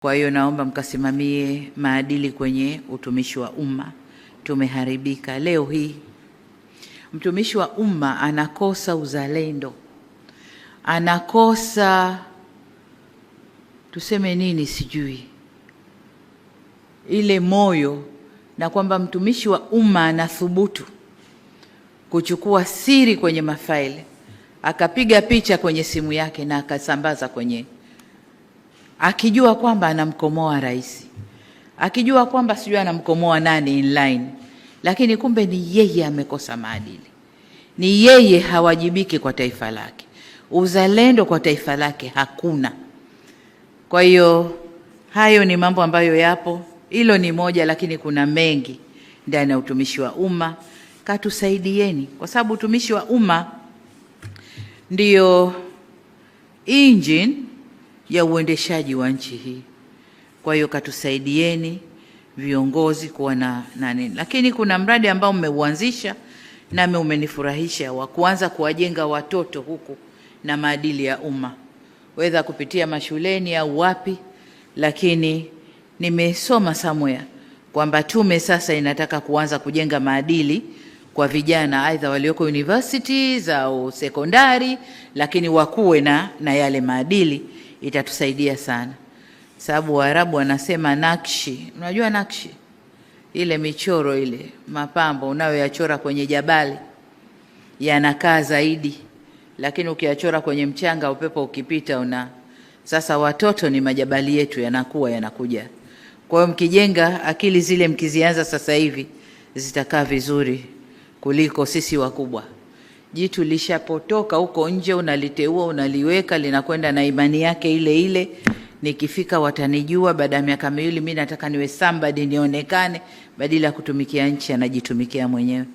Kwa hiyo naomba mkasimamie maadili kwenye utumishi wa umma. Tumeharibika leo hii. Mtumishi wa umma anakosa uzalendo, anakosa tuseme nini, sijui ile moyo, na kwamba mtumishi wa umma anathubutu kuchukua siri kwenye mafaili, akapiga picha kwenye simu yake na akasambaza kwenye akijua kwamba anamkomoa rais, akijua kwamba sijui anamkomoa nani inline, lakini kumbe ni yeye amekosa maadili, ni yeye hawajibiki kwa taifa lake, uzalendo kwa taifa lake hakuna. Kwa hiyo hayo ni mambo ambayo yapo, hilo ni moja, lakini kuna mengi ndani ya utumishi wa umma. Katusaidieni, kwa sababu utumishi wa umma ndio engine ya uendeshaji wa nchi hii. Kwa hiyo katusaidieni viongozi kuwa na nani, lakini kuna mradi ambao mmeuanzisha nami umenifurahisha wa kuanza kuwajenga watoto huku na maadili ya umma, wedha kupitia mashuleni au wapi, lakini nimesoma somewhere kwamba tume sasa inataka kuanza kujenga maadili kwa vijana aidha walioko universities au sekondari, lakini wakuwe na, na yale maadili itatusaidia sana, sababu Waarabu wanasema nakshi. Unajua nakshi ile michoro ile mapambo unayoyachora kwenye jabali yanakaa zaidi, lakini ukiyachora kwenye mchanga, upepo ukipita una. Sasa watoto ni majabali yetu, yanakuwa yanakuja. Kwa hiyo mkijenga akili zile, mkizianza sasa hivi zitakaa vizuri kuliko sisi wakubwa. Jitu lishapotoka huko nje, unaliteua unaliweka, linakwenda na imani yake ile ile. Nikifika watanijua baada ya miaka miwili. Mi nataka niwe somebody, nionekane, badala ya kutumikia nchi, anajitumikia mwenyewe.